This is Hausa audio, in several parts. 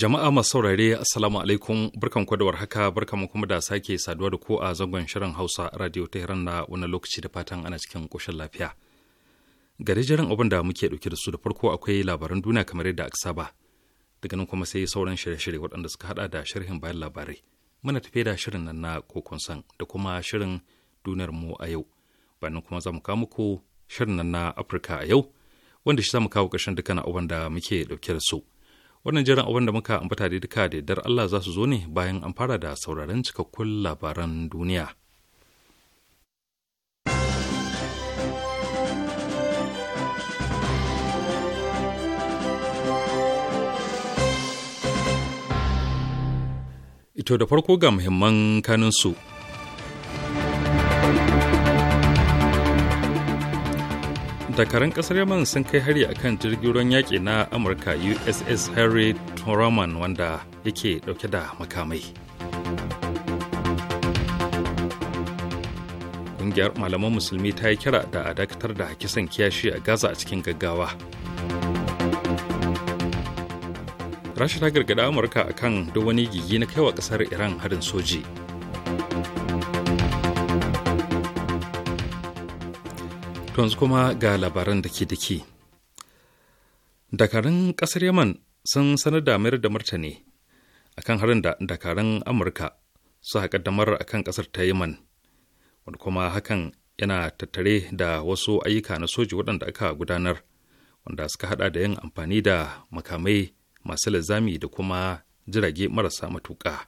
Jama'a masu saurare Assalamu alaikum barkan ku da warhaka barkan kuma da sake saduwa da ko a zangon shirin Hausa Radio Tehran na wani lokaci da fatan ana cikin koshin lafiya. Gare jiran abin da muke dauke da su da farko akwai labaran duniya kamar yadda aka saba. Daga nan kuma sai sauran shirye-shirye waɗanda suka hada da sharhin bayan labarai. Muna tafe da shirin nan na kokon san da kuma shirin duniyar mu a yau. Bayan kuma za mu kawo muku shirin nan na Afirka a yau wanda shi za mu kawo ƙarshen dukkan abin da muke dauke da su. wannan jiran abin da muka ambata da duka da Allah za su zo ne bayan an fara da sauraron cikakkun labaran duniya. Ito da farko ga muhimman kanin su. dakarun kasar yaman sun kai hari akan jirgin ruwan yaƙi na amurka uss harry truman wanda yake ɗauke da makamai ƙungiyar malaman musulmi ta yi kira da a dakatar da kisan kiyashi a gaza a cikin gaggawa rasha ta gargada amurka akan duk wani gigi na kaiwa kasar iran harin soji yanzu kuma ga labaran da ke dake dakarun kasar yaman sun sanar da mayar da martani akan harin da dakarun amurka su haƙaddamar a kan kasar ta yaman wanda kuma hakan yana tattare da wasu ayyuka na soji waɗanda aka gudanar wanda suka hada da yin amfani da makamai masu lazami da kuma jirage marasa matuƙa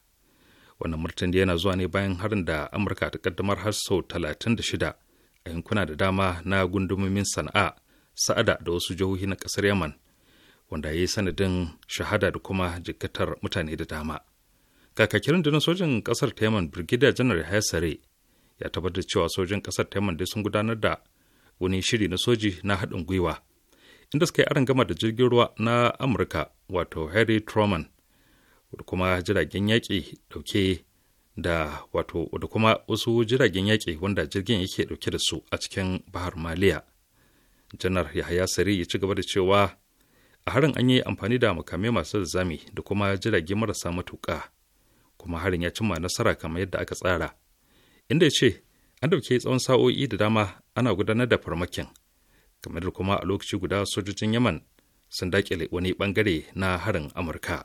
wannan martani yana zuwa ne bayan harin da amurka ta kaddamar har sau 36 a yankuna da dama na gundumomin sana'a sa'ada da wasu jihohi na ƙasar yaman wanda ya yi sanadin shahada da kuma jikatar mutane da dama kakakin rundunar sojin ƙasar ta yaman birgida janar hasare ya tabbatar cewa sojin kasar ta yaman dai sun gudanar da wani shiri na soji na haɗin gwiwa inda suka yi gama da jirgin ruwa na amurka wato harry truman da kuma jiragen yaƙi ɗauke da wato da kuma wasu jiragen yaƙi wanda jirgin yake ɗauke da su a cikin bahar maliya janar yahaya sari ya ci gaba da cewa a harin an yi amfani da makamai masu zami da kuma jirage marasa matuƙa kuma harin ya cimma nasara kamar yadda aka tsara inda ya ce an dauke tsawon sa'o'i da dama ana gudanar da farmakin kamar da kuma a lokaci guda sojojin yaman sun daƙile wani bangare na harin amurka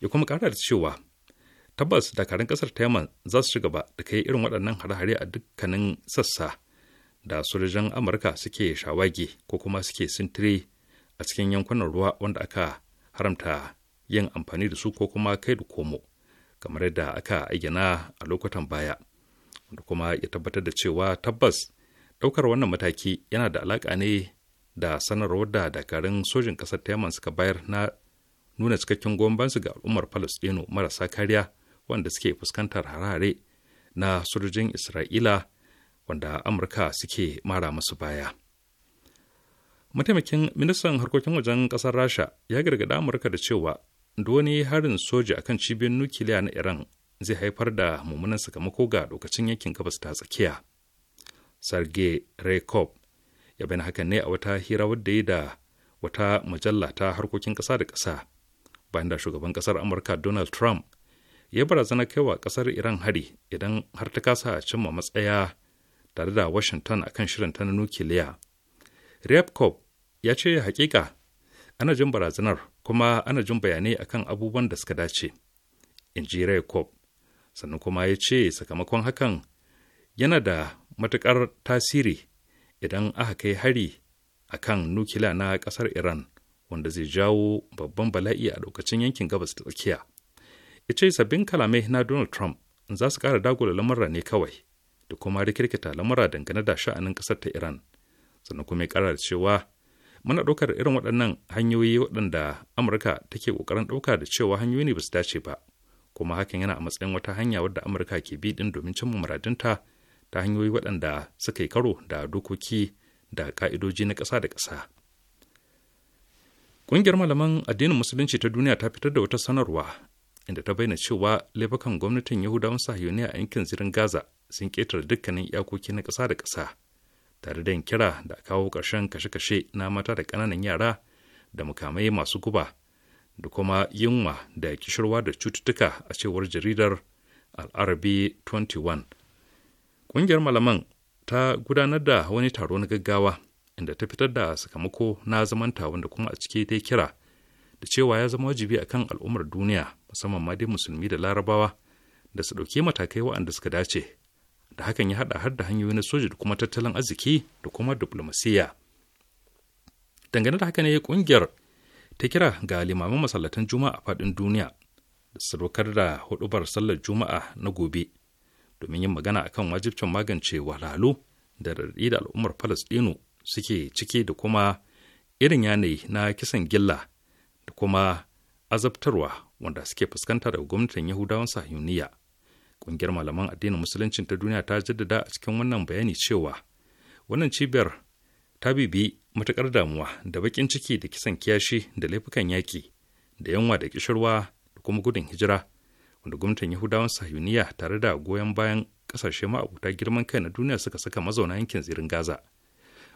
ya kuma kara da cewa tabbas dakarun kasar taiman za su ci gaba da kai irin waɗannan hare-hare a dukkanin sassa da sojojin amurka suke shawage ko kuma suke sintiri a cikin yankunan ruwa wanda aka haramta yin amfani da su ko kuma kai da komo kamar yadda aka ayyana a lokutan baya da kuma ya tabbatar da cewa tabbas ɗaukar wannan mataki yana da alaƙa ne da sanarwar da dakarun sojin ƙasar taiman suka bayar na nuna cikakken goyon ga al'ummar palestino marasa kariya wanda suke fuskantar harare na sojojin Isra'ila wanda Amurka suke mara masu baya. Mataimakin ministan harkokin wajen ƙasar Rasha ya gargada Amurka da cewa wani harin soja akan cibiyar nukiliya na Iran zai haifar da mummunan sakamako ga lokacin yankin gabas ta tsakiya. Sergei Rekov ya bayyana hakan ne a wata hira wadda ya da wata mujalla ta harkokin ƙasa da ƙasa bayan da shugaban ƙasar Amurka Donald Trump ya barazana kai wa kasar iran hari idan har ta kasa a cimma matsaya tare da washington akan shirin ta na nukiliya repcop ya ce hakika ana jin barazanar kuma ana jin bayanai akan abubuwan da suka dace in ji repcop sannan kuma ya ce sakamakon hakan yana da matukar tasiri idan aka kai hari a kan nukiliya na ƙasar iran wanda zai jawo babban bala'i a lokacin yankin gabas ta tsakiya ya ce sabbin kalamai na donald trump za su ƙara dagula lamura ne kawai da kuma rikirkita lamura dangane da sha'anin ƙasar ta iran sannan kuma ya ƙara da cewa muna ɗaukar irin waɗannan hanyoyi waɗanda amurka take ƙoƙarin ɗauka da cewa hanyoyi ne ba su dace ba kuma hakan yana a matsayin wata hanya wadda amurka ke bi ɗin domin cimma muradinta ta hanyoyi waɗanda suka yi karo da dokoki da ƙa'idoji na ƙasa da ƙasa ƙungiyar malaman addinin musulunci ta duniya ta fitar da wata sanarwa inda ta bayyana cewa laifukan gwamnatin yahudawan sahiyoniya a yankin zirin gaza sun ƙetare dukkanin iyakoki na ƙasa da kasa tare da yin kira da kawo ƙarshen kashe-kashe na mata da ƙananan yara da mukamai masu guba da kuma yunwa da kishirwa da cututtuka a cewar jaridar al'arabi 21 ƙungiyar malaman ta gudanar da wani taro na gaggawa inda ta fitar da sakamako na zamanta wanda kuma a cike ta kira da cewa ya zama wajibi akan al'ummar duniya musamman ma dai musulmi da larabawa da su ɗauki matakai waɗanda suka dace da hakan ya haɗa har da hanyoyi na soja da kuma tattalin arziki da kuma diplomasiya dangane da haka ne ƙungiyar ta kira ga limaman masallatan juma'a a faɗin duniya da sadaukar da hudubar sallar juma'a na gobe domin yin magana akan wajibcin magance wahalhalu da raɗi da al'ummar falastinu suke ciki da kuma irin yanayi na kisan gilla da kuma azabtarwa wanda suke fuskanta daga gwamnatin yahudawan sahiyuniya ƙungiyar malaman addinin musulunci ta duniya ta jaddada a cikin wannan bayani cewa wannan cibiyar ta bibi matukar damuwa da baƙin ciki da kisan kiyashi da laifukan yaƙi da yanwa da kishirwa da kuma gudun hijira wanda gwamnatin yahudawan sahiyuniya tare da goyon bayan ƙasashe ma'abuta girman kai na duniya suka saka mazauna yankin zirin gaza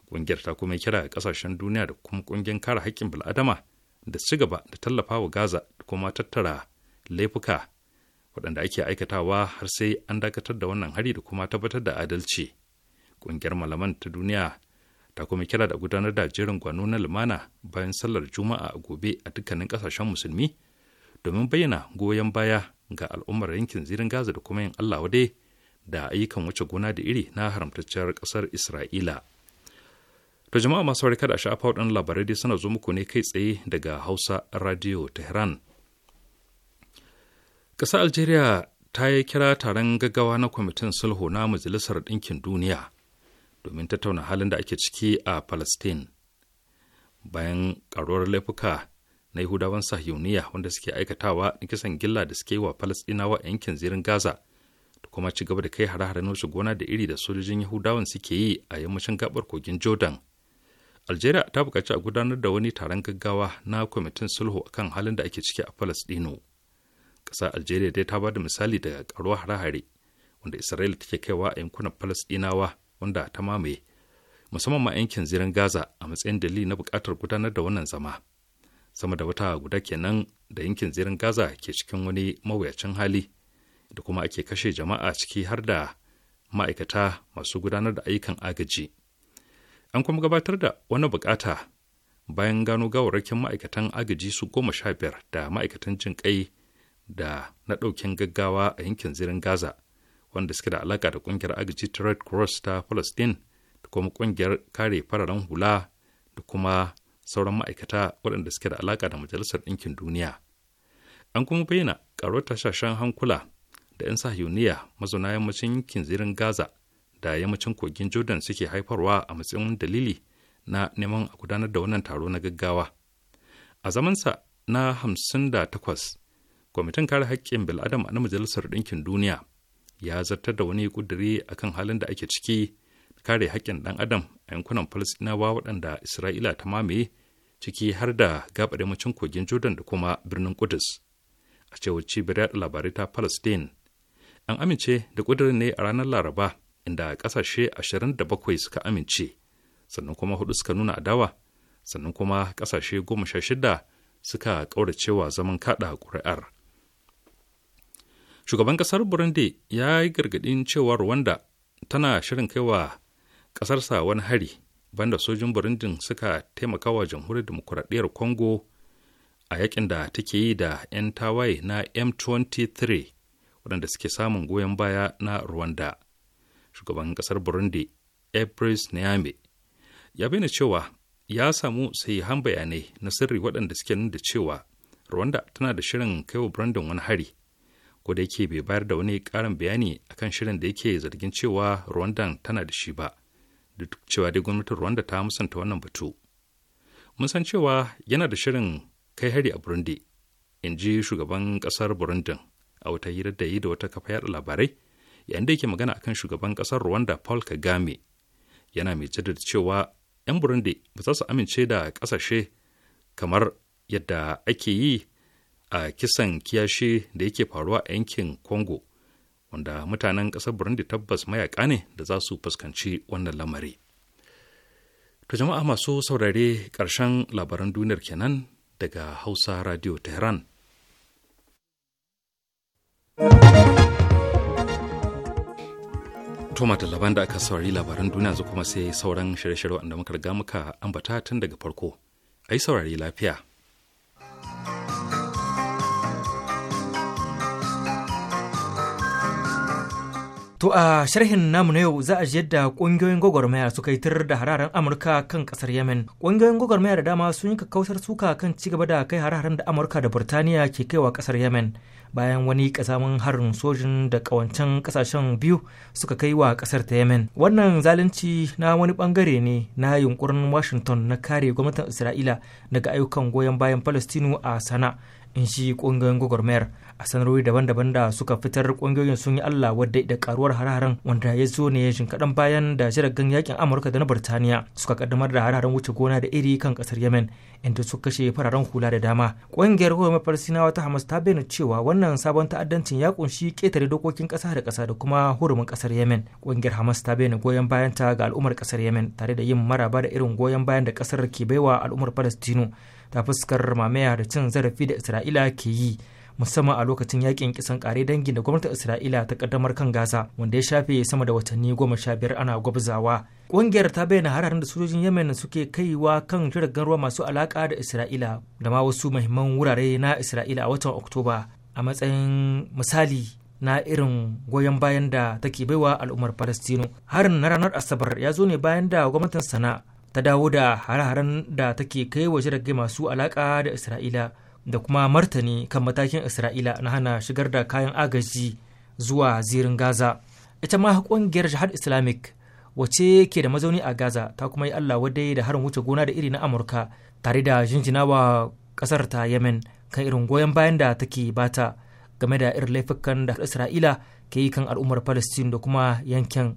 ƙungiyar ta kuma kira ga ƙasashen duniya da kuma ƙungiyar kare haƙƙin bil'adama da ci gaba da tallafa wa gaza da kuma tattara laifuka waɗanda ake aikatawa har sai an dakatar da wannan hari da kuma tabbatar da adalci ƙungiyar malaman ta duniya ta kuma kira da gudanar da jerin gwano na lumana bayan sallar juma'a a gobe a dukkanin ƙasashen musulmi domin bayyana goyon baya ga al'ummar yankin zirin gaza da kuma yin allah wadai da ayyukan wuce gona da iri na haramtacciyar ƙasar isra'ila To jama'a masu warka da sha'afa ɗin labarai dai suna zo muku ne kai tsaye daga Hausa Radio Tehran. ƙasa Algeria ta yi kira taron gaggawa na kwamitin sulhu na Majalisar Ɗinkin Duniya domin tattauna halin da ake ciki a Palestine. Bayan ƙaruwar laifuka na Yahudawan Sahiyuniya wanda suke aikatawa na kisan gilla da suke yi wa Falastinawa a yankin zirin Gaza da kuma ci gaba da kai hare-hare na gona da iri da sojojin Yahudawan suke yi a yammacin gabar kogin Jordan. algeria ta bukaci a gudanar da wani taron gaggawa na kwamitin sulhu kan halin da ake ciki a palestino ƙasa algeria dai ta ba da misali daga ƙaruwar hare-hare wanda isra'ila take kaiwa a yankunan palestinawa wanda ta mamaye musamman ma yankin zirin gaza a matsayin dalili na bukatar gudanar da wannan zama sama da wata guda kenan da yankin zirin gaza ke cikin wani mawuyacin hali da kuma ake kashe jama'a ciki har da ma'aikata masu gudanar da ayyukan agaji an kuma gabatar da wani bukata bayan gano gawarrakin ma'aikatan agaji su goma sha biyar da ma'aikatan jin kai da na ɗaukin gaggawa a yankin zirin gaza wanda suke da alaka da kungiyar agaji ta red cross ta palestine da kuma kungiyar kare fararen hula da kuma sauran ma'aikata waɗanda suke da alaka da majalisar ɗinkin duniya an kuma bayyana ƙaruwar tashashen hankula da 'yan sahiyuniya mazauna yammacin yankin zirin gaza da yammacin kogin jordan suke haifarwa a matsayin dalili na neman a gudanar da wannan taro na gaggawa a zamansa na takwas kwamitin kare haƙƙin bil'adam na majalisar ɗinkin duniya ya zartar da wani ƙudiri a kan halin da ake ciki kare haƙƙin ɗan adam a yankunan falasɗinawa waɗanda isra'ila ta mamaye ciki har da gaɓar yammacin kogin jordan da kuma birnin kudus a cewar cibiyar labarai ta palestine an amince da ƙudurin ne a ranar laraba inda ƙasashe 27 suka amince sannan kuma hudu suka nuna adawa sannan kuma ƙasashe 16 suka ƙauracewa zaman kaɗa ƙuri'ar shugaban ƙasar burundi ya yi gargaɗin cewa rwanda tana shirin kaiwa ƙasarsa wani hari banda sojin burundin suka taimaka wa jamhuriyar demokuraɗiyyar congo a yakin da take yi da 'yan tawaye na m23 waɗanda suke samun goyon baya na rwanda shugaban kasar burundi ebris niame ya bayyana cewa ya samu sahihan bayanai na sirri waɗanda suke nuna da cewa rwanda tana da shirin kai wa burundin wani hari ko da yake bai bayar da wani ƙarin bayani akan shirin da yake zargin cewa rwanda tana da shi ba duk cewa dai gwamnatin rwanda ta musanta wannan batu mun san cewa yana da shirin kai hari a burundi in ji shugaban ƙasar burundin a wata hirar da yi da wata kafa yada labarai yayin da yake magana akan shugaban ƙasar Rwanda Paul Kagame yana mai jaddada cewa 'yan Burundi ba za su amince da ƙasashe kamar yadda ake yi a kisan kiyashe da yake faruwa a yankin Congo wanda mutanen ƙasar Burundi tabbas mayaka ne da za su fuskanci wannan lamari. To jama'a masu saurare ƙarshen labaran duniyar kenan daga Hausa Radio Tehran. thank you Toma da laban da aka saurari labaran duniya zu kuma sai sauran shirye shiryen da muka riga muka ambata tun daga farko. A yi saurari lafiya. To a sharhin namu na yau za a ji yadda ƙungiyoyin gwagwarmaya suka yi tirar da hararen Amurka kan ƙasar Yemen. Ƙungiyoyin gwagwarmaya da dama sun yi kakkausar suka kan ci gaba da kai hararen da Amurka da Burtaniya ke kaiwa ƙasar Yemen. bayan wani kasamin harin sojin da kawancen kasashen biyu suka kai wa kasar ta yemen wannan zalunci na wani bangare ne na yunkurin washington na kare gwamnatin isra'ila daga ayyukan goyon bayan palestinu a sana in shi kungiyar gwagwarmayar a sanarwar daban-daban da suka fitar kungiyoyin sun yi allah wadda da karuwar hare wanda ya zo ne shin kaɗan bayan da jiragen yakin amurka da na burtaniya suka kaddamar da hare wuce gona da iri kan kasar yemen inda suka kashe fararen hula da dama ƙungiyar hukumar mafarsinawa ta hamas ta bayyana cewa wannan sabon ta'addancin ya kunshi ketare dokokin ƙasa da kasa da kuma hurumin kasar yemen kungiyar hamas ta bayyana goyon bayanta ga al'ummar kasar yemen tare da yin maraba da irin goyon bayan da kasar ke baiwa al'ummar falastinu ta fuskar mamaya da cin zarafi da isra'ila ke yi musamman a lokacin yakin kisan kare dangin da gwamnatin Isra'ila ta kaddamar kan Gaza wanda ya shafe sama da watanni goma sha biyar ana gwabzawa. Ƙungiyar ta bayyana hararin da sojojin Yemen suke kaiwa kan jiragen ruwa masu alaka da Isra'ila da ma wasu muhimman wurare na Isra'ila a watan Oktoba a matsayin misali na irin goyon bayan da take baiwa al'ummar palestino Harin na ranar Asabar ya zo ne bayan da gwamnatin sana ta dawo da hare-haren da take kai wa jirage masu alaka da Isra'ila da kuma martani kan matakin isra'ila na hana shigar da kayan agaji zuwa zirin gaza ita ma ƙungiyar jihar islamic wace ke da mazauni a gaza ta kuma yi allah wadai da harin wuce gona da iri na amurka tare da jinjinawa ƙasar ta yemen kan irin goyon bayan da take bata game da irin laifukan da isra'ila ke yi kan al'ummar palestine da kuma yankin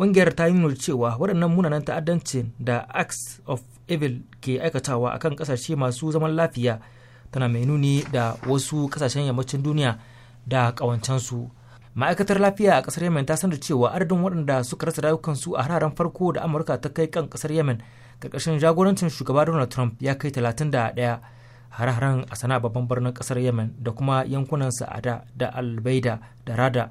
ƙungiyar ta yi nuna cewa waɗannan munanan ta'addancin da acts of evil ke aikatawa a kan ƙasashe masu zaman lafiya tana mai nuni da wasu ƙasashen yammacin duniya da ƙawancensu ma'aikatar lafiya a ƙasar yemen ta sanar cewa adadin waɗanda suka rasa rayukansu a hararen farko da amurka ta kai kan ƙasar yemen ƙarƙashin jagorancin shugaba donald trump ya kai talatin da ɗaya hare-haren a sana babban birnin ƙasar yemen da kuma yankunan sa'ada da albaida da rada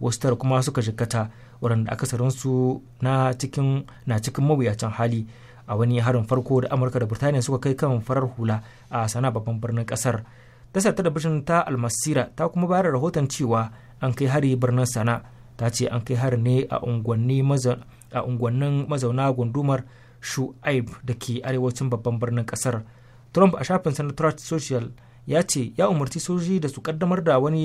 wasu tara kuma suka jikkata waɗanda su na cikin na cikin mawuyacin hali a wani harin farko da amurka da burtaniya suka kai kan farar hula a sana babban birnin kasar tasar talabijin ta almasira ta kuma bayar rahoton cewa an kai hari birnin sana ta ce an kai hari ne a unguwannin mazauna gundumar shu'aib da ke arewacin babban birnin kasar trump a shafin na social ya ce ya umarci soji da su kaddamar da wani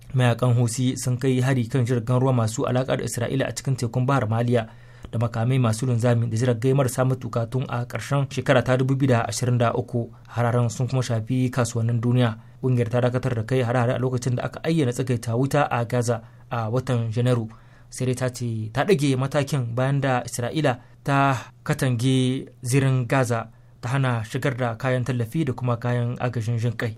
mayakan husi sun kai hari kan jirgin ruwa masu alaka da isra'ila a cikin tekun bahar maliya da makamai masu linzami da jiragai marasa matuka tun a ƙarshen shekara ta 2023 hararen sun kuma shafi kasuwannin duniya ƙungiyar ta dakatar da kai harare a lokacin da aka ayyana tsagaita wuta a gaza a watan janairu sai dai ta ce ta ɗage matakin bayan da isra'ila ta katange zirin gaza ta hana shigar da kayan tallafi da kuma kayan agajin jin kai.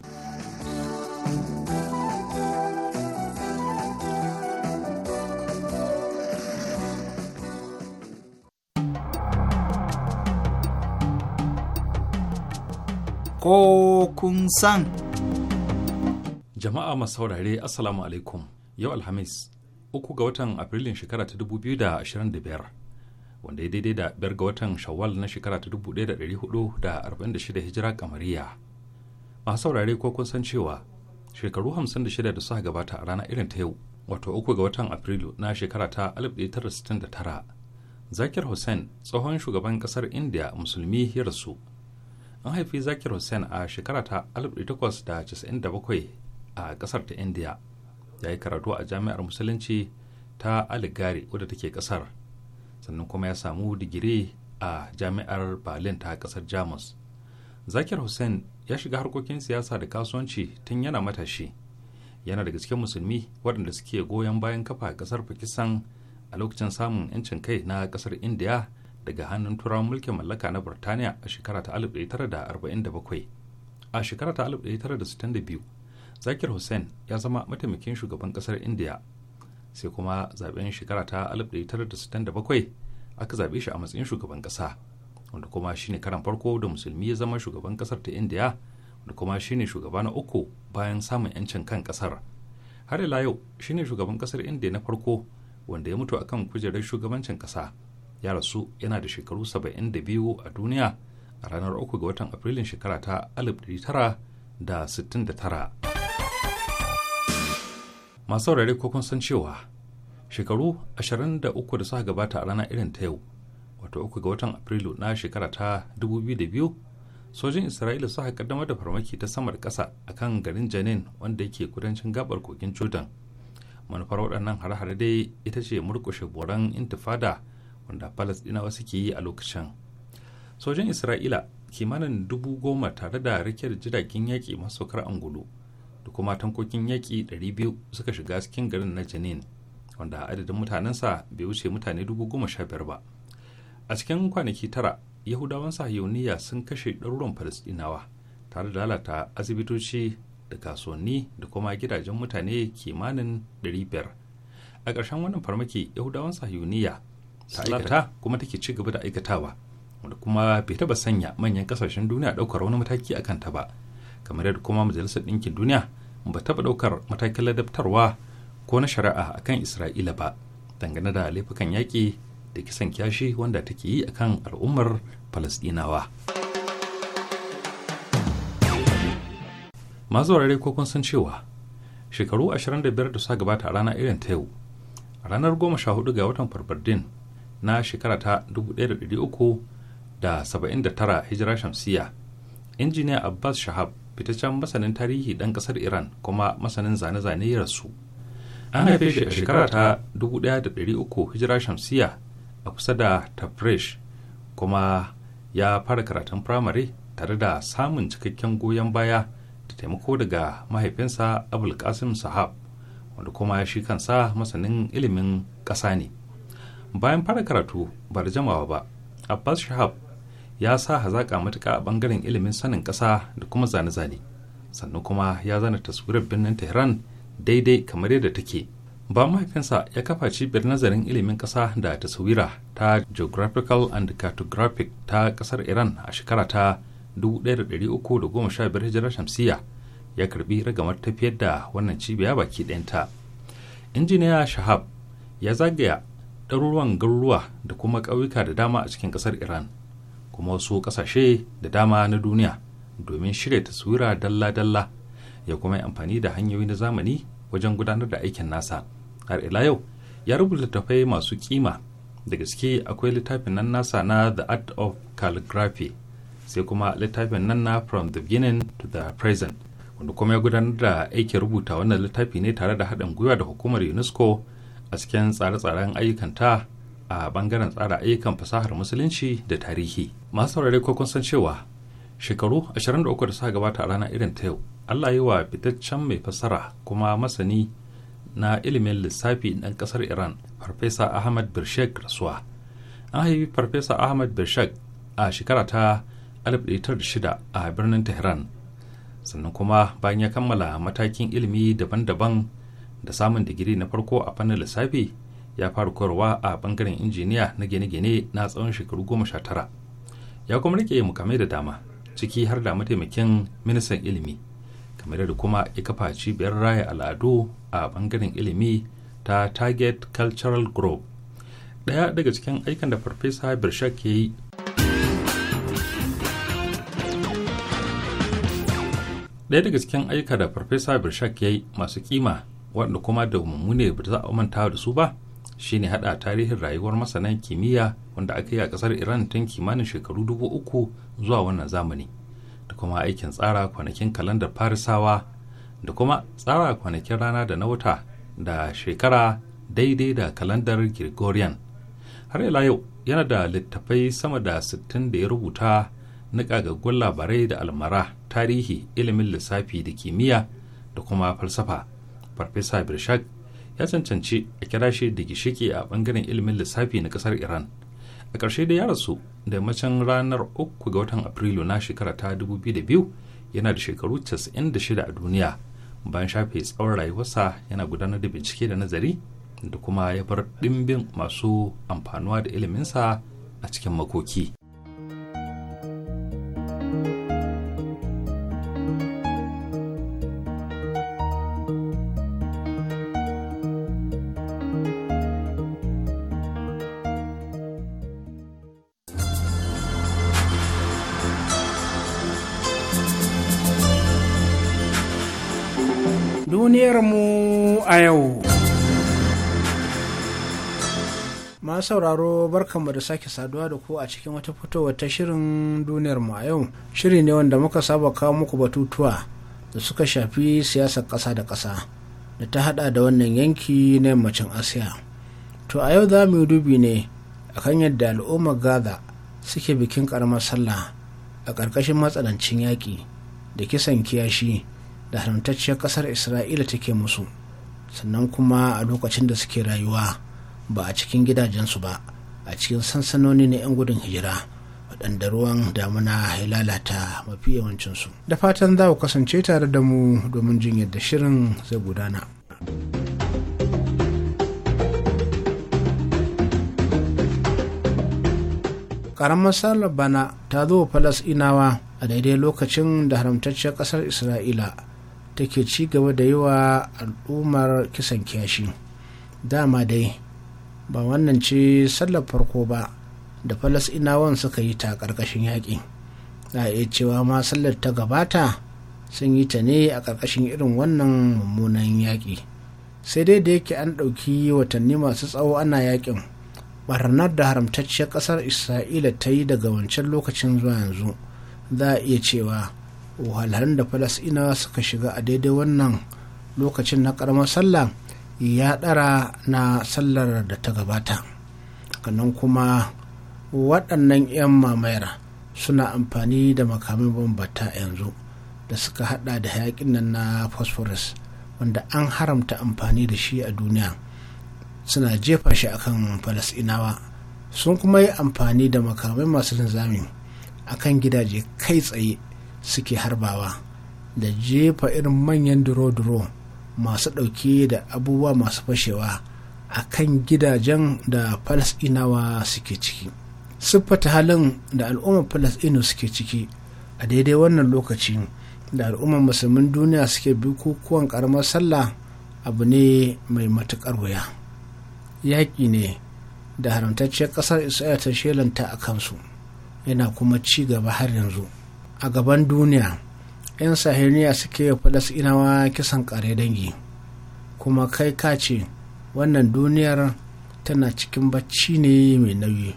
ko kun san. Jama'a masu saurare Assalamu alaikum yau Alhamis uku ga watan Afrilun shekara ta 2025 wanda ya daidai da biyar ga watan Shawwal na shekara ta 1446 hijira kamariya. Masu saurare ko kun san cewa shekaru 56 da suka gabata a rana irin ta yau wato uku ga watan Afrilu na shekara ta 1969 Zakir Hussain tsohon shugaban kasar India musulmi ya rasu. an haifi zakir hussein a shekara ta 1897 a kasar ta india ya yi karatu a jami'ar musulunci ta aligari wadda take kasar sannan kuma ya samu digiri a jami'ar berlin ta kasar jamus zakir hussein ya shiga harkokin siyasa da kasuwanci tun yana matashi yana daga cikin musulmi waɗanda suke goyon bayan kafa kasar pakistan a lokacin samun 'yancin kai na kasar india daga hannun turawan mulkin mallaka na Birtaniya a shekara ta 1947 a shekara ta 1962 zakir hussein ya zama mataimakin shugaban kasar Indiya sai kuma zaben shekara ta 1967 aka zaɓe shi a matsayin shugaban ƙasa wanda kuma shine karan farko da musulmi ya zama shugaban ƙasar ta Indiya wanda kuma shine shugaba na uku bayan samun 'yancin kan ƙasar har ila yau shine shugaban ƙasar Indiya na farko wanda ya mutu akan kujerar shugabancin ƙasa ya rasu yana da shekaru 72 a duniya a ranar 3 ga watan afrilun shekara ta 1969 masu saurari ko kun san cewa shekaru 23 da suka gabata a ranar irin ta yau wato 3 ga watan afrilu na shekara ta 2002 sojin isra'ila suka kaddamar da farmaki ta samar kasa akan garin janin wanda yake kudancin gabar kogin jordan manufar waɗannan hare-hare dai ita ce murkushe boran intifada wanda palestinawa suke yi a lokacin sojan isra'ila kimanin dubu goma tare da da jiragen yaƙi masaukar angulu da kuma tankokin yaƙi biyu suka shiga cikin garin na janin wanda adadin mutanensa bai wuce mutane dubu goma sha biyar ba a cikin kwanaki tara yahudawan sahiyoniya sun kashe ɗaruran falastinawa tare da lalata asibitoci da kasuwanni da kuma gidajen mutane kimanin biyar a ƙarshen wannan farmaki yahudawan sahiyoniya ta aikata kuma take ci gaba da aikatawa wanda kuma bai taba sanya manyan kasashen duniya daukar wani mataki akan ta ba kamar yadda kuma majalisar ɗinkin duniya ba taba daukar matakin ladabtarwa ko na shari'a a kan isra'ila ba dangane da laifukan yaƙi da kisan kyashi wanda take yi akan al'ummar falasɗinawa masu wurare ko kun cewa shekaru 25 da suka gabata a rana irin ta yau ranar 14 ga watan farfardin na shekara ta 1379 hijira shamsiya injiniya abbas shahab fitaccen masanin tarihi ɗan ƙasar iran kuma masanin zane-zane ya rasu an haife shi a shekara ta 1300 hijira shamsiya a kusa da tafresh kuma ya fara karatun firamare tare da samun cikakken goyon baya da taimako daga mahaifinsa abulkasim sahab wanda kuma shi kansa masanin ilimin ƙasa ne bayan fara karatu ba da jamawa ba abbas shahab ya sa hazaƙa matuƙa a ɓangaren ilimin sanin ƙasa da kuma zane-zane sannan kuma ya zana taswirar birnin tehran daidai kamar yadda take ba mahaifinsa ya kafa cibiyar nazarin ilimin ƙasa da taswira ta geographical and cartographic ta ƙasar iran a shekara ta 1315 hijirar shamsiyya ya karbi ragamar tafiyar da wannan cibiya baki ɗayanta injiniya shahab ya zagaya ɗaruruwan garuruwa da kuma ƙauyuka da dama a cikin ƙasar iran kuma wasu ƙasashe da dama na duniya domin shirya taswira dalla-dalla ya kuma yi amfani da hanyoyi na zamani wajen gudanar da aikin nasa har ila yau ya rubuta littattafai masu kima da gaske akwai littafin nan nasa na the art of calligraphy sai kuma littafin nan na from the beginning to the present wanda kuma ya gudanar da aikin rubuta wannan littafi ne tare da haɗin gwiwa da hukumar unesco a cikin tsare-tsaren ayyukanta a bangaren tsara ayyukan fasahar musulunci da tarihi masu saurare ko kun san cewa shekaru 23 da suka gabata a ranar irin ta yau allah yi wa fitaccen mai fasara kuma masani na ilimin lissafi ɗan ƙasar iran farfesa ahmad birshek rasuwa an haifi farfesa ahmad birshek a shekara ta 1906 a birnin tehran sannan kuma bayan ya kammala matakin ilimi daban-daban da samun digiri na farko a fannin lissafi ya fara koyarwa a bangaren injiniya na gine-gine na tsawon shekaru goma sha tara ya kuma rike mukamai da dama ciki har da mataimakin ministan ilimi kamar da kuma ya kafa cibiyar raya al'adu a bangaren ilimi ta target cultural group daya daga cikin aikin da farfesa birshak ke yi daya daga cikin aika da farfesa birshak ke yi masu kima waɗanda kuma da mummune ba za a manta da su ba shine hada tarihin rayuwar masanan kimiyya wanda aka yi a kasar iran tun kimanin shekaru dubu uku zuwa wannan zamani da kuma aikin tsara kwanakin kalandar farisawa da kuma tsara kwanakin rana da na wata da shekara daidai da kalandar gregorian har ila yau yana da littafai sama da sittin da ya rubuta na kagaggun labarai da almara tarihi ilimin lissafi da kimiyya da kuma falsafa farfesa birshak ya cancanci a kira shi da gishiki a bangaren ilimin lissafi na kasar iran a ƙarshe da ya rasu da macen ranar 3 ga watan afrilu na shekara ta 2002 yana da shekaru 96 a duniya bayan shafe tsawon rayuwarsa yana gudanar da bincike da nazari da kuma ya bar ɗimbin masu amfanuwa da iliminsa a cikin makoki. mu a yau. Ma sauraro barkanmu da sake saduwa da ku a cikin wata fitowa ta shirin duniyar mu a yau. Shiri ne wanda muka saba kawo muku batutuwa da suka shafi siyasar ƙasa da ƙasa da ta hada da wannan yanki na yammacin Asiya. To a yau za mu yi dubi ne akan yadda al'ummar Gaza suke bikin ƙaramar sallah a ƙarƙashin matsanancin yaƙi da kisan kiyashi da haramtacciyar kasar isra'ila take musu sannan kuma a lokacin da suke rayuwa ba a cikin gidajensu ba a cikin sansanoni na 'yan gudun hijira waɗanda ruwan damuna ya lalata mafi yawancinsu da fatan za ku kasance tare da mu domin jin yadda shirin zai gudana. ƙaramar sallar bana ta zo inawa a daidai lokacin da haramtacciyar ƙasar isra'ila take ci gaba da yi wa al'ummar kisan kiyashi dama dai ba wannan ce sallar farko ba da falasinawan suka yi ta ƙarƙashin yaƙi a iya cewa ma sallar ta gabata sun yi ta ne a ƙarƙashin irin wannan mummunan yaƙi sai dai da yake an ɗauki watanni masu tsawo ana yaƙin barnar da haramtacciyar ƙasar isra'ila ta yi daga wancan lokacin zuwa yanzu za a iya cewa wahalhalun da falasina suka shiga a daidai wannan lokacin na karamar sallah ya ɗara na sallar da ta gabata hakanan kuma waɗannan 'yan mamayar suna amfani da makamin bambata yanzu da suka hada da hayakin nan na phosphorus wanda an haramta amfani da shi a duniya suna jefa shi akan falasinawa sun kuma yi amfani da makamai masu linzami akan gidaje kai tsaye suke harbawa da jefa irin manyan duro-duro masu ɗauke da abubuwa masu fashewa a kan gidajen da falasɗinawa suke ciki siffata halin da al'ummar falasɗinu suke ciki a daidai wannan lokaci da al'ummar musulmin duniya suke bukukuwan ƙaramar sallah abu ne mai matuƙar wuya yaƙi ne da haramtacciyar ƙasar isra'ila ta shelanta a kansu yana kuma ci gaba har yanzu a gaban duniya 'yan sahiriya suke inawa kisan kare dangi kuma kai ka ce wannan duniyar tana cikin bacci ne mai nauyi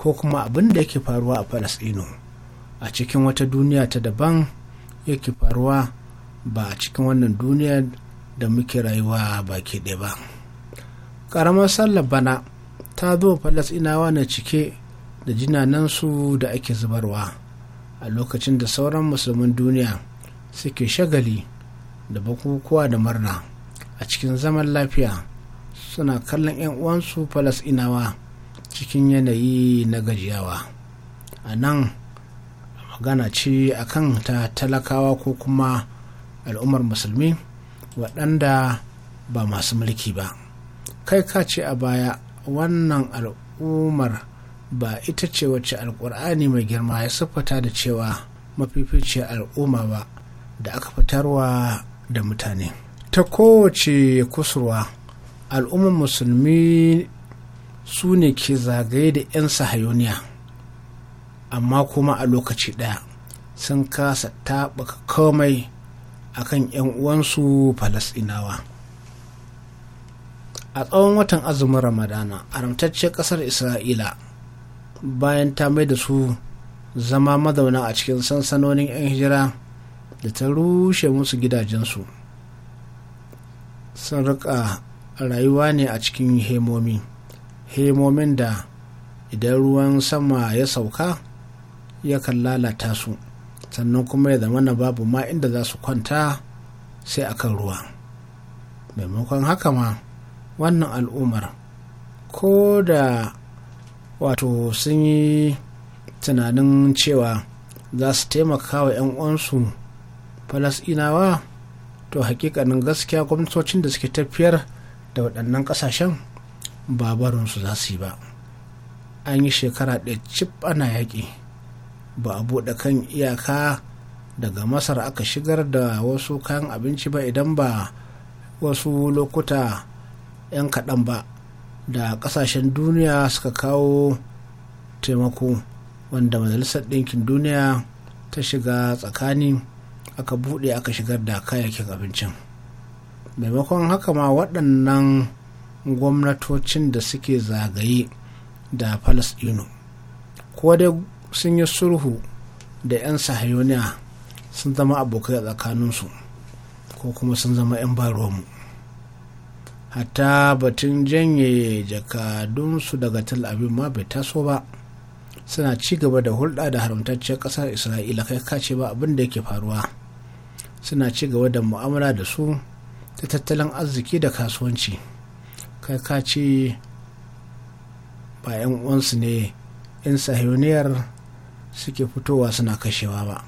ko kuma abin da yake faruwa a falasɗinu a cikin wata duniya ta daban yake faruwa ba a cikin wannan duniya da muke rayuwa baki ɗaya ba ƙaramar sallar bana ta zo falasɗinawa na cike da jinanansu da ake zubarwa a lokacin da sauran musulmin duniya suke shagali da bukukuwa da murna a cikin zaman lafiya suna kallon 'yan uwansu falasinawa cikin yanayi na gajiyawa a nan magana ce a kan ta talakawa ko kuma al'ummar musulmi waɗanda ba masu mulki ba kai ka ce a baya wannan al'ummar ba ita ce wacce alkur'ani mai girma ya siffata da cewa mafifici al'umma ba da aka fitarwa da mutane ta kowace kusurwa al'umman musulmi su ne ke zagaye da 'yan sahayoniya amma kuma a lokaci ɗaya sun kasa taɓaka komai a kan 'yan uwansu falasɗinawa a tsawon watan azumin ramadana haramtacciyar ƙasar isra'ila bayan ta mai da su zama mazauna a cikin sansanonin 'yan hijira da ta rushe musu gidajensu sun rika rayuwa ne a cikin hemomi hemomin da idan ruwan sama ya sauka yakan lalata su sannan kuma ya zama na babu ma inda za su kwanta sai akan ruwa maimakon haka ma wannan al'ummar ko da wato sun yi tunanin cewa za su taimaka wa 'yan uwansu falasinawa to hakikanin gaskiya gwamnatocin da suke tafiyar da waɗannan ƙasashen babarinsu za su yi ba an yi shekara ɗaya cif ana yaƙi ba a buɗe kan iyaka daga masar aka shigar da wasu kayan abinci ba idan ba wasu lokuta 'yan kaɗan ba da kasashen duniya suka kawo taimako wanda majalisar ɗinkin duniya ta shiga tsakani aka buɗe aka shigar da kayayyakin abincin maimakon haka ma waɗannan gwamnatocin da suke zagaye da falasɗinu ko dai sun yi sulhu da 'yan sahayoniya sun zama abokai a tsakaninsu ko kuma sun zama 'yan baruwanmu hatta batun janye jakadunsu daga tel aviv ma bai taso ba suna ci gaba da hulɗa da haramtacciyar ƙasar isra'ila kai kace ba abin da yake faruwa suna ci gaba da mu'amala da su ta tattalin arziki da kasuwanci kai kace ba 'yan uwansu ne 'yan sahiyoniyar suke fitowa suna kashewa ba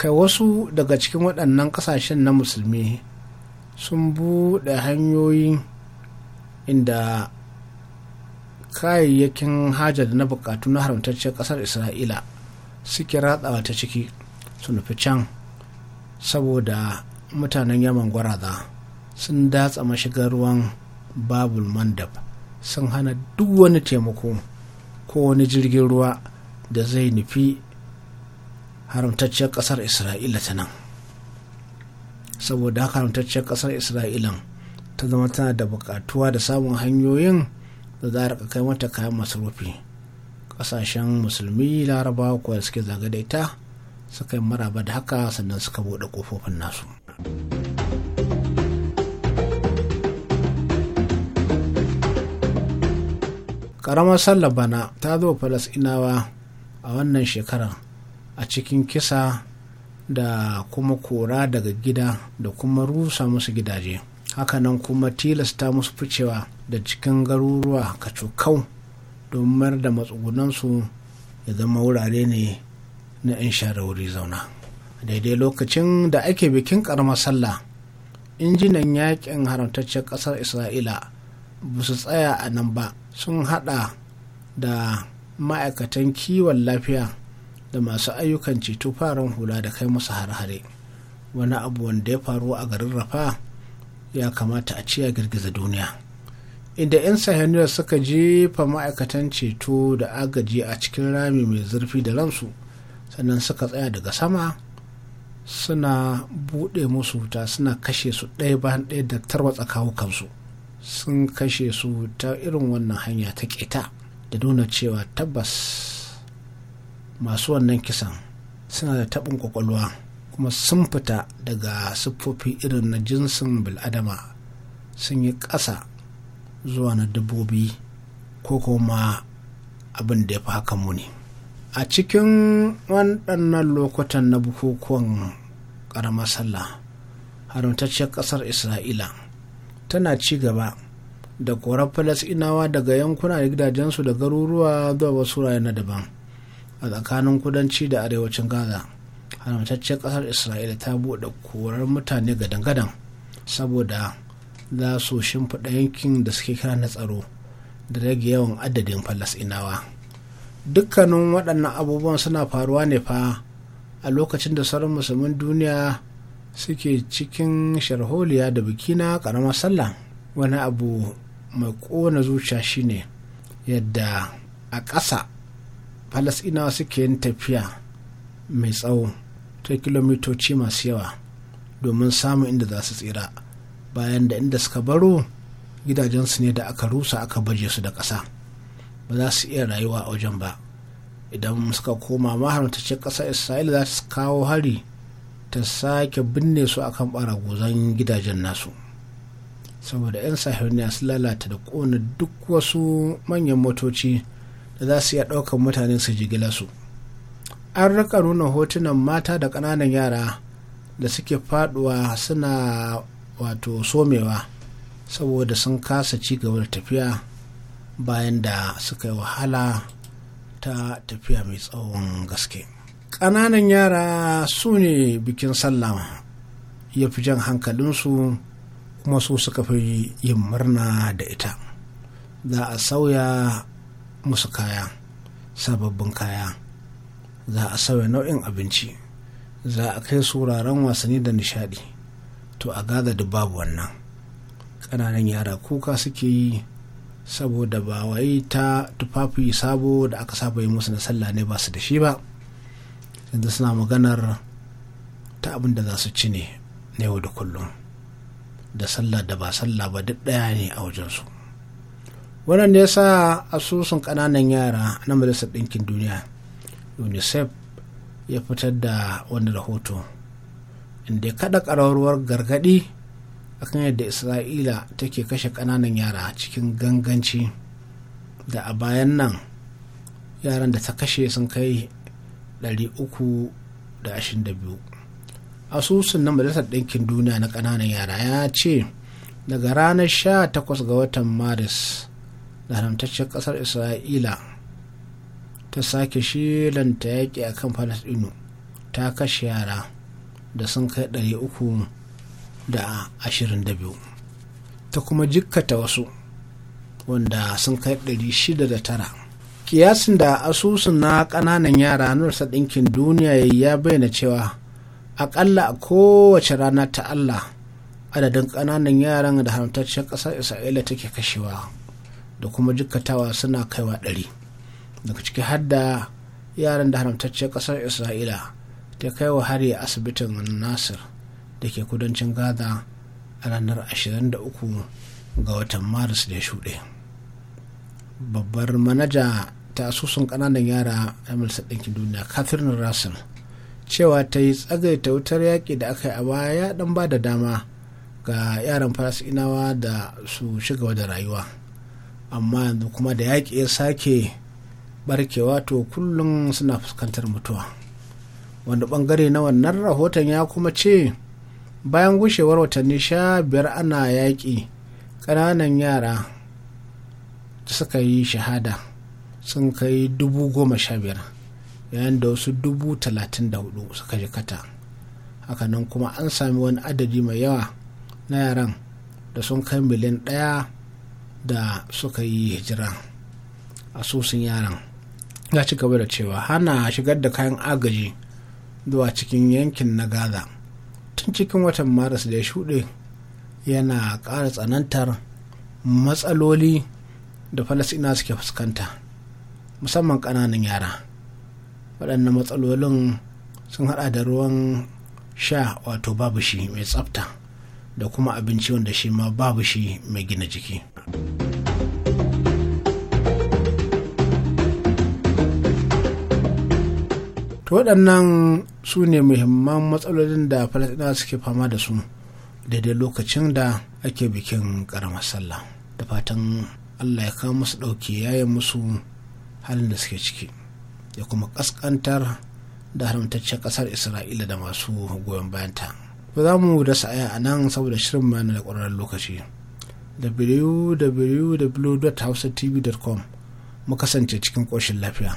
kai wasu daga cikin waɗannan ƙasashen na musulmi sun buɗe hanyoyi inda kayayyakin da na bukatu na haramtacciyar ƙasar isra'ila suke ratsawa ta ciki su nufi can saboda mutanen yaman gwaraza sun datsa mashigar ruwan babul mandab sun hana duk wani taimako ko wani jirgin ruwa da zai nufi haramtacciyar ƙasar isra'ila ta nan saboda haka haramtacciyar kasar isra'ilan ta zama tana da bukatuwa da samun hanyoyin da za a kai mata kayan masarufi kasashen musulmi larabawa kuwa suke zagada suka yi maraba da haka sannan suka buɗe kofofin nasu. karamar sallar bana ta zo falasinawa a wannan shekarar a cikin kisa da kuma kora daga gida da kuma rusa musu gidaje hakanan kuma tilasta musu ficewa da cikin garuruwa kacokau don mayar da matsugunansu ya zama wurare ne na 'yan share wuri zauna daidai lokacin da ake bikin karamar sallah injinan yakin haramtaccen kasar isra'ila ba su tsaya a nan ba sun hada da ma'aikatan kiwon lafiya da masu ayyukan ceto faran hula da kai musu har-hare wani abu wanda ya faru a garin rafa ya kamata a ciya girgiza duniya inda 'yan sahaniyar suka jefa ma'aikatan ceto da agaji a cikin rami mai zurfi da ransu sannan suka tsaya daga sama suna buɗe musu wuta suna kashe su ɗaya bayan ɗaya da tarwatsa kawukansu sun kashe su ta irin wannan hanya ta keta da nuna cewa tabbas masu wannan kisan suna da taɓin ƙwaƙwalwa kuma sun fita daga siffofi irin na jinsin bil'adama sun yi ƙasa zuwa na dabbobi ko kuma abin da ya fi haka muni a cikin waɗannan lokutan na bukukuwan ƙaramar sallah haramtacciyar ƙasar isra'ila tana ci gaba da korar falasinawa daga yankuna da gidajensu da garuruwa zuwa wasu na daban a tsakanin kudanci da arewacin gaza haramtaccen kasar isra'ila ta buɗe korar mutane gadan-gadan saboda za su shimfiɗa yankin da suke kira na tsaro da rage yawan adadin falasinawa dukkanin waɗannan abubuwan suna faruwa ne fa a lokacin da sauran musulmin duniya suke cikin sharholiya da bikina na ƙaramar sallah wani abu mai ƙona zuciya shine yadda a ƙasa falasɗinawa suke yin tafiya mai tsawo ta kilomitoci masu yawa domin samun inda za su tsira bayan da inda suka baro gidajensu ne da aka rusa aka baje su da ƙasa ba za su iya rayuwa a wajen ba idan suka koma ce ƙasa isra'ila za su kawo hari ta sake binne su akan baragozan gidajen nasu saboda 'yan sahirniya su lalata da ƙona duk wasu manyan motoci da za su iya ɗaukar mutane su jigila su an rika nuna hotunan mata da ƙananan yara da suke faduwa suna wato somewa saboda sun kasa ci gaba da tafiya bayan da suka yi wahala ta tafiya mai tsawon gaske ƙananan yara su ne bikin sallah ya fi jan hankalinsu kuma su suka fi yin murna da ita za a sauya musu kaya sababbin kaya za a sauya nau'in abinci za a kai su wuraren wasanni da nishadi to a gaza da babu wannan ƙananan yara kuka suke yi saboda ba wai ta tufafi sabo da aka saba yi musu na sallah ne ba su da shi ba yanzu suna maganar ta abin da za su ci ne na yau da kullum da sallah da ba sallah ba duk ɗaya ne a wajensu wannan ya sa asusun ƙananan yara na majalisar ɗinkin duniya unicef ya fitar da wani rahoto inda ya kada ƙararruwar gargaɗi kan yadda isra'ila take kashe ƙananan yara cikin ganganci da a bayan nan yaran da ta kashe sun kai 322 asusun na majalisar ɗinkin duniya na ƙananan yara ya ce daga ranar 18 ga watan maris da ƙasar isra'ila ta sake shilanta yaƙi a kan falasɗinu ta kashe yara da sun kai ɗari ta kuma jikkata wasu wanda sun kai ɗari tara kiyasin da asusun na ƙananan yara nursa ɗinkin duniya ya bayyana cewa akalla a kowace rana ta allah adadin ƙananan yaran da haramtaccen ƙasar isra'ila take kashewa da kuma jikkatawa suna kaiwa ɗari daga ciki har da yaran da haramtacciyar ƙasar isra'ila ta kai wa hari asibitin nasir da ke kudancin gaza a ranar 23 ga watan maris da ya shuɗe babbar manaja ta asusun ƙananan yara a ɗinkin duniya catherine russell cewa ta yi tsagaita wutar yaƙi da aka yi a baya ya ɗan ba da dama ga yaran falasɗinawa da su shiga da rayuwa amma yanzu kuma da yaƙi ya sake barkewa to kullum suna fuskantar mutuwa wanda bangare na wannan rahoton ya kuma ce bayan gushewar watanni sha biyar ana yaƙi ƙananan yara suka yi shahada sun kai dubu goma sha biyar yayin da wasu dubu talatin da hudu suka jikata hakanan kuma an sami wani adadi mai yawa na yaran da sun kai miliyan ɗaya da suka yi hijira a asusun yaran ya ci gaba da cewa hana shigar da kayan agaji zuwa cikin yankin na gaza tun cikin watan maris da ya shuɗe yana ƙara tsanantar matsaloli da falasina suke fuskanta musamman ƙananan yara waɗannan matsalolin sun haɗa da ruwan sha wato babu shi mai tsafta da kuma abinci wanda shi ma babu shi mai gina jiki. waɗannan su ne muhimman matsalolin da falasɗinawa suke fama da su daidai lokacin da ake bikin ƙaramar sallah da fatan allah ya kawo musu ɗauki yayin musu halin da suke ciki ya kuma ƙasƙantar da haramtaccen ƙasar isra'ila da masu goyon bayanta ba za mu da aya a nan saboda shirin mana da ƙwararren lokaci www.hausatv.com mu kasance cikin ƙoshin lafiya.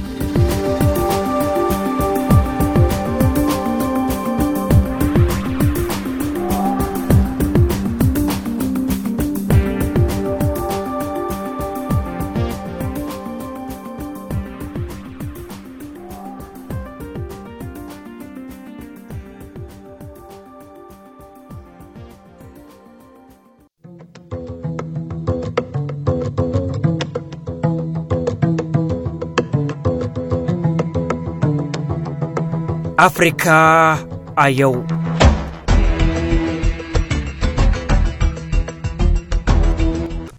Afrika a yau.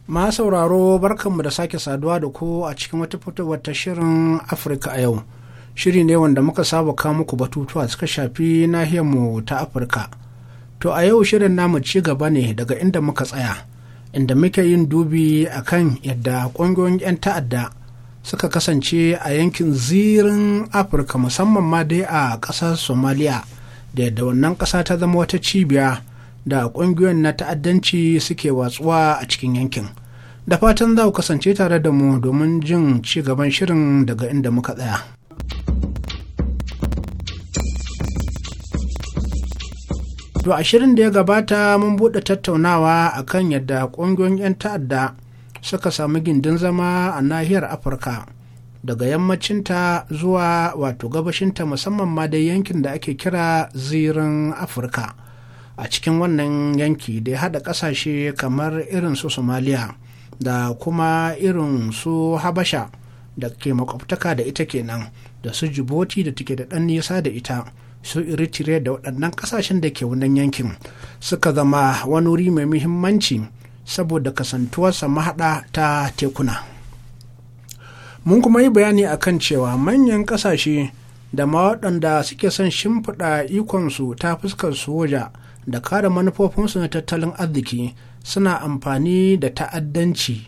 Ma sauraro barkanmu da sake saduwa da ku a cikin wata fitowar ta shirin Afirka a yau. Shiri ne wanda muka saba kawo muku batutuwa suka shafi nahiyarmu ta Afirka. To a yau shirin namu ci gaba ne daga inda muka tsaya, inda muke yin dubi akan yadda ƙungiyoyin 'yan ta'adda suka kasance a yankin zirin afirka musamman ma dai a ƙasar somaliya da yadda wannan ƙasa ta zama wata cibiya da ƙungiyoyin na ta'addanci suke watsuwa a cikin yankin da fatan za ku kasance tare da mu domin jin ci gaban shirin daga inda muka tsaya to a shirin da ya gabata mun buɗe tattaunawa akan yadda ƙungiyoyin 'yan ta'adda suka samu gindin zama a nahiyar afirka daga yammacinta zuwa wato gabashinta musamman ma dai yankin da ake kira zirin afirka a cikin wannan yanki da ya haɗa ƙasashe kamar irin su somaliya da kuma irin su habasha da ke makwabtaka da ita kenan da su jiboti da take da ɗan nisa da ita su eritrea da waɗannan ƙasashen da ke wannan yankin suka zama wani wuri mai muhimmanci saboda kasantuwarsa mahaɗa ta tekuna mun kuma yi bayani a kan cewa manyan ƙasashe da ma waɗanda suke son shimfiɗa ikonsu ta fuskar soja da kare manufofinsu na tattalin arziki suna amfani da ta'addanci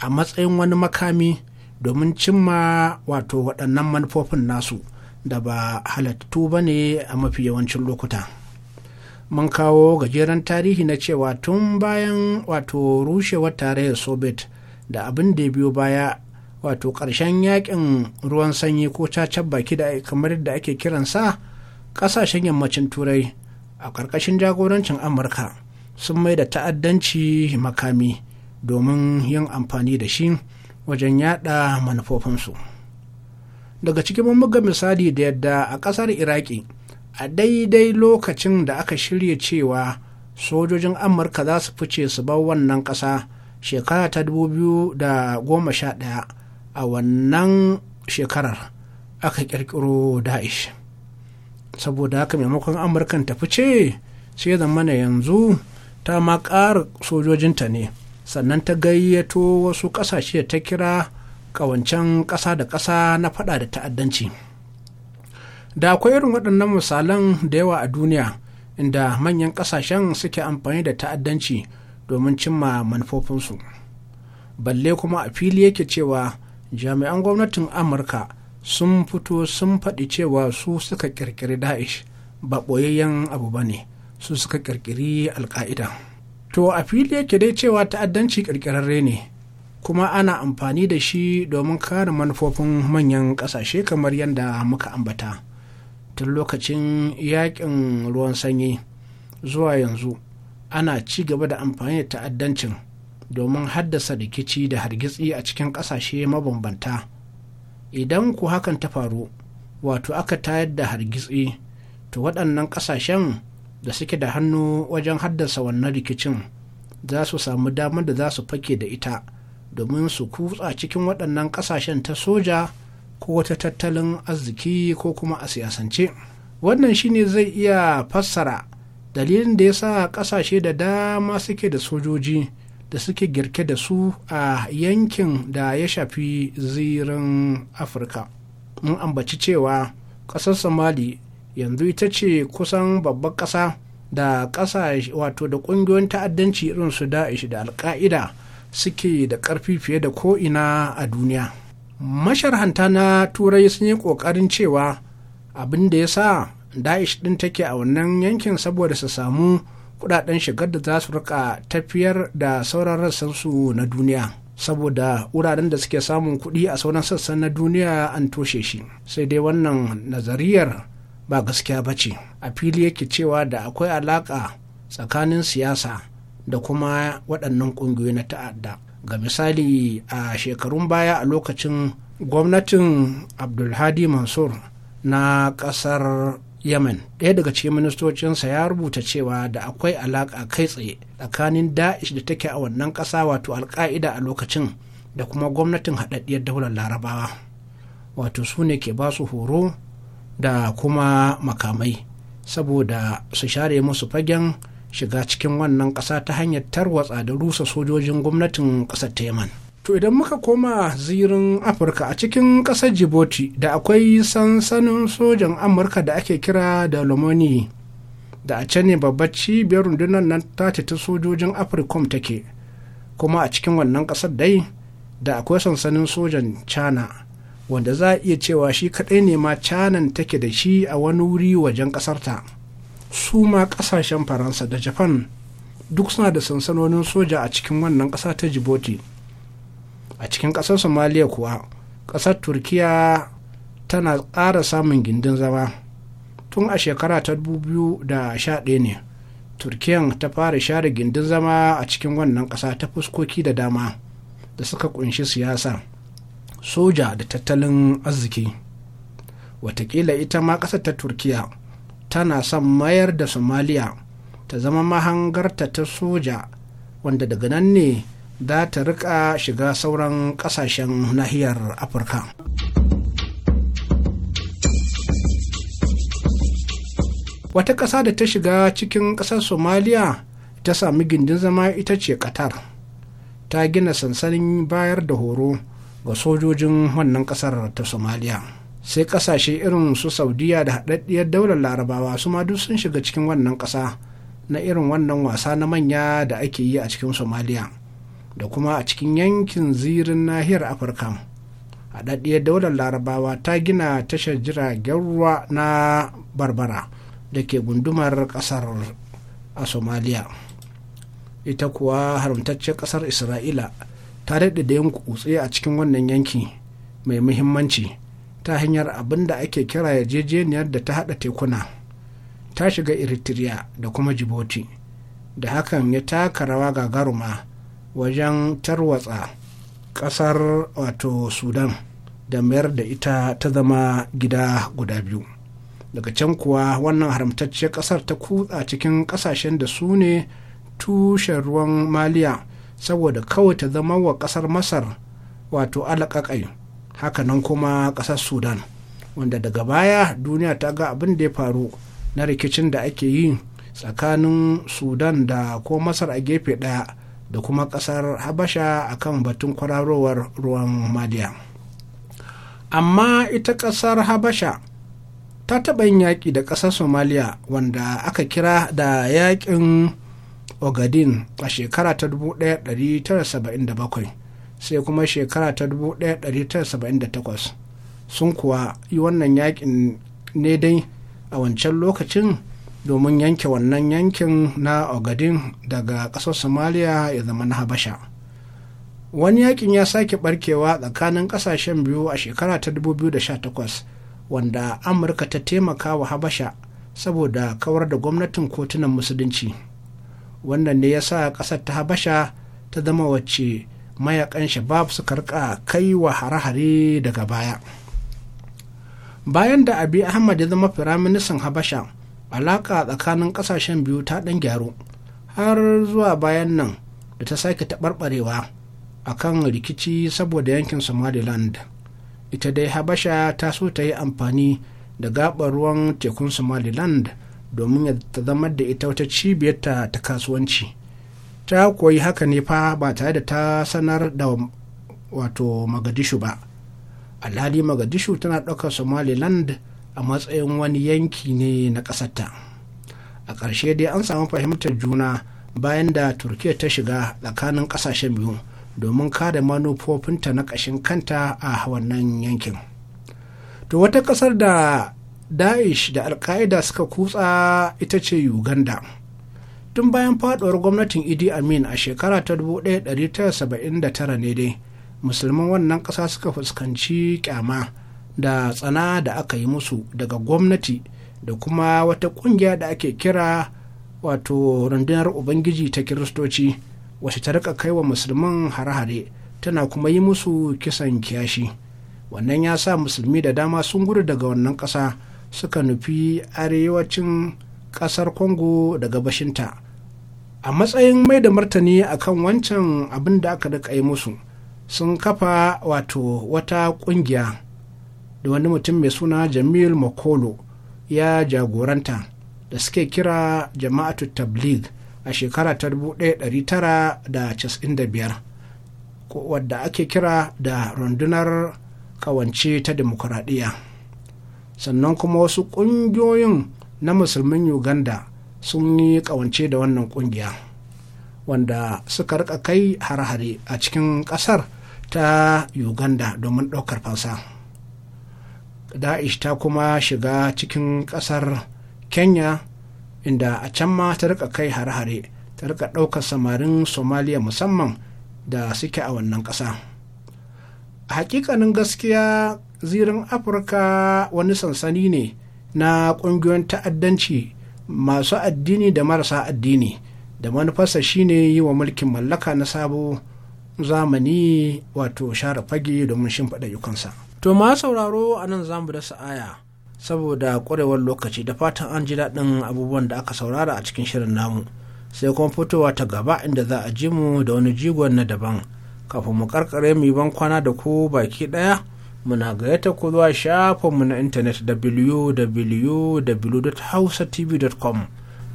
a matsayin wani makami domin cimma wato waɗannan manufofin nasu da ba halattu ba ne a mafi yawancin lokuta. mun kawo gajeren tarihi na cewa tun bayan wato rushewar tarayyar soviet da abin da biyo baya wato ƙarshen yakin ruwan sanyi ko cacan baki da kamar da ake kiransa ƙasashen yammacin turai a ƙarƙashin jagorancin amurka sun mai da ta'addanci makami domin yin amfani da shi wajen yada manufofinsu daga cikin mummugan misali da yadda a ƙasar iraki a daidai lokacin da aka shirya cewa sojojin amurka za su fice su bar wannan ƙasa shekara ta 2011 a wannan shekarar aka kirkiro da'ish saboda haka maimakon amurkan ta fice sai zamana yanzu ta ma ƙara sojojinta ne sannan ta gayyato wasu ƙasashe ta kira ƙawancen ƙasa da ƙasa na faɗa da ta'addanci. da akwai irin waɗannan misalan da yawa a duniya inda manyan ƙasashen suke amfani da ta'addanci domin cimma manufofinsu balle kuma a fili yake cewa jami'an gwamnatin amurka sun fito sun faɗi cewa su suka ƙirƙiri da'ish ba ɓoyayyen abu ba ne su suka ƙirƙiri alƙa'ida. to a fili yake dai cewa ta'addanci ƙirƙirarre ne kuma ana amfani da shi domin kare manufofin manyan ƙasashe kamar yadda muka ambata. tun lokacin yakin ruwan sanyi zuwa yanzu ana ci gaba da amfani da ta'addancin domin haddasa rikici da hargitsi a cikin ƙasashe mabambanta idan ku hakan ta faru wato aka tayar da hargitsi to waɗannan ƙasashen da suke da hannu wajen haddasa wannan rikicin za su samu damar da za su fake da ita domin su kutsa cikin waɗannan ƙasashen ta soja ko ta tattalin arziki ko kuma a siyasance wannan shine zai iya fassara dalilin da ya sa kasashe da dama suke da sojoji da suke girke da su a yankin da ya shafi zirin afirka mun ambaci cewa ƙasar somali yanzu ita ce kusan babbar ƙasa da ƙasashe wato da ƙungiyoyin ta'addanci irin su da'ish da alka'ida suke da ƙarfi fiye da ko'ina a duniya masharhanta na turai sun yi ƙoƙarin cewa abin da ya sa da'ish ɗin take a wannan yankin saboda su samu kudaden shigar da za su rika tafiyar da sauran rassansu na duniya saboda wuraren da suke samun kuɗi a sauran sassan na duniya an toshe shi sai dai wannan nazariyar ba gaskiya ba ce a fili yake cewa da akwai alaƙa tsakanin siyasa da kuma waɗannan ƙungiyoyi na ta'adda ga misali a shekarun baya a lokacin gwamnatin abdulhadi mansur na kasar yemen ɗaya daga cikin ministocinsa ya rubuta cewa da akwai alaƙa kai tsaye tsakanin da'ish da take a wannan ƙasa wato alka'ida a lokacin da kuma gwamnatin haɗaɗɗiyar daular larabawa wato su ne ke ba su horo da kuma makamai saboda su share musu fagen shiga cikin wannan ƙasa ta hanyar tarwatsa da rusa sojojin gwamnatin ƙasar ta yaman to idan muka koma zirin afirka a cikin ƙasar djibouti da akwai sansanin sojan amurka da ake kira da lomoni da a can ne babbar cibiyar rundunar nan ta ta sojojin afirkom take kuma a cikin wannan ƙasar dai da akwai sansanin sojan china wanda za a iya cewa shi kaɗai ne ma canan take da shi a wani wuri wajen ƙasarta su ma kasashen faransa da japan duk suna da sansanonin soja a cikin wannan kasa ta djibouti a cikin ƙasar somaliya kuwa ƙasar turkiya tana ƙara samun gindin zama tun a shekara ta sha 2011 ne turkiyan ta fara share gindin zama a cikin wannan kasa ta fuskoki da dama da suka kunshi siyasa soja da tattalin arziki watakila ita ma kasar ta turkiya tana son mayar da somaliya ta zama mahangarta ta soja wanda daga nan ne za ta rika shiga sauran kasashen nahiyar afirka wata ƙasa da ta shiga cikin ƙasar somaliya ta sami gindin zama ita ce qatar ta gina sansanin bayar da horo ga sojojin wannan ƙasar ta somaliya sai kasashe irin su saudiya da haɗaɗɗiyar daular larabawa su ma duk sun shiga cikin wannan ƙasa na irin wannan wasa na manya da ake yi a cikin somaliya da kuma a cikin yankin zirin nahiyar afirka haɗaɗɗiyar daular larabawa ta gina tashar jiragen ruwa na barbara da ke gundumar ƙasar a somaliya ita kuwa haramtaccen ƙasar isra'ila ta daɗe da yin kutse a cikin wannan yanki mai muhimmanci. ta hanyar abin da ake kira yarjejeniyar da ta haɗa tekuna ta shiga eritrea da kuma djibouti da hakan ya taka rawa gagaruma wajen tarwatsa ƙasar wato sudan da mayar da ita ta zama gida guda biyu daga can kuwa wannan haramtacce ƙasar ta kutsa cikin ƙasashen da su ne tushen ruwan maliya saboda kawai ta zama wa ƙasar masar wato alaƙaƙai hakanan kuma ƙasar sudan wanda daga baya duniya ta ga abin da ya faru na rikicin da ake yi tsakanin sudan da ko masar a gefe ɗaya da kuma ƙasar habasha a kan batun kwararowar ruwan madiya amma ita ƙasar habasha ta taɓa yin yaƙi da ƙasar somaliya wanda aka kira da yaƙin ogadin a shekara ta 1977 sai kuma shekara ta 1978 sun kuwa yi wannan yakin ne dai a wancan lokacin domin yanke wannan yankin na ogadin daga ƙasar somalia ya zama na habasha wani yakin ya sake barkewa tsakanin ƙasashen biyu a shekara ta 2018 wanda amurka ta taimaka wa habasha saboda kawar da gwamnatin kotunan musulunci wannan ne ya sa ƙasar ta habasha ta zama wacce mayakan shabab suka rika kai wa hare-hare daga baya bayan da abi ahmad ya zama firaministan habasha alaka tsakanin kasashen biyu ta dan gyaru har zuwa bayan nan da ta sake taɓarɓarewa a kan rikici saboda yankin somaliland ita dai habasha ta so ta yi amfani da gabar ruwan tekun somaliland domin ya ta zama da ita wata cibiyarta ta kasuwanci ta koyi haka ne fa ba tare da ta sanar da wato magadishu ba alhali magadishu tana ɗaukar somaliland a matsayin wani yanki ne na ƙasarta a ƙarshe dai an samu fahimtar juna bayan da turkiya ta shiga tsakanin ƙasashen biyu domin kada manufofinta na ƙashin kanta a wannan yankin to wata ƙasar da daesh da alka'ida suka kutsa ita ce uganda tun bayan faɗuwar gwamnatin idi amin a shekara ta 1979 ne dai musulman wannan ƙasa suka fuskanci kyama da tsana da aka yi musu daga gwamnati da kuma wata ƙungiya da ake kira wato rundunar ubangiji ta kiristoci wacce ta rika kai wa musulman hare-hare tana kuma yi musu kisan kiyashi wannan ya sa musulmi da dama sun gudu daga wannan ƙasa suka nufi arewacin ƙasar Kongo da gabashinta a matsayin mai da martani akan wancan abin da aka daka yi musu sun kafa wato wata kungiya da wani mutum mai suna jamil makolo ya jagoranta da suke kira jama'atu tablig a shekara ta 1995 wadda ake kira da rundunar kawance ta demokuraɗiyya sannan kuma wasu ƙungiyoyin na musulmin uganda sun yi kawance da wannan kungiya wanda suka rika kai hare-hare a cikin kasar ta uganda domin ɗaukar fansa da'ish ta kuma shiga cikin kasar kenya inda a can ma ta rika kai hare-hare ta rika ɗaukar samarin somaliya musamman da suke a wannan ƙasa hakikanin gaskiya zirin afirka wani sansani ne na ƙungiyoyin ta'addanci masu addini da marasa addini da manufarsa shine yi wa mulkin mallaka na sabo zamani wato share fage domin shimfiɗa yukansa. To ma sauraro a nan zamu da sa'aya saboda ƙwarewar lokaci da fatan an ji daɗin abubuwan da aka saurara a cikin shirin namu sai kuma fitowa ta gaba inda za a ji mu da wani jigon na daban kafin mu karkare mu ban kwana da ku baki ɗaya muna gayyata ku zuwa shafinmu na intanet www.hausatv.com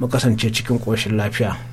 mu kasance cikin ƙoshin lafiya.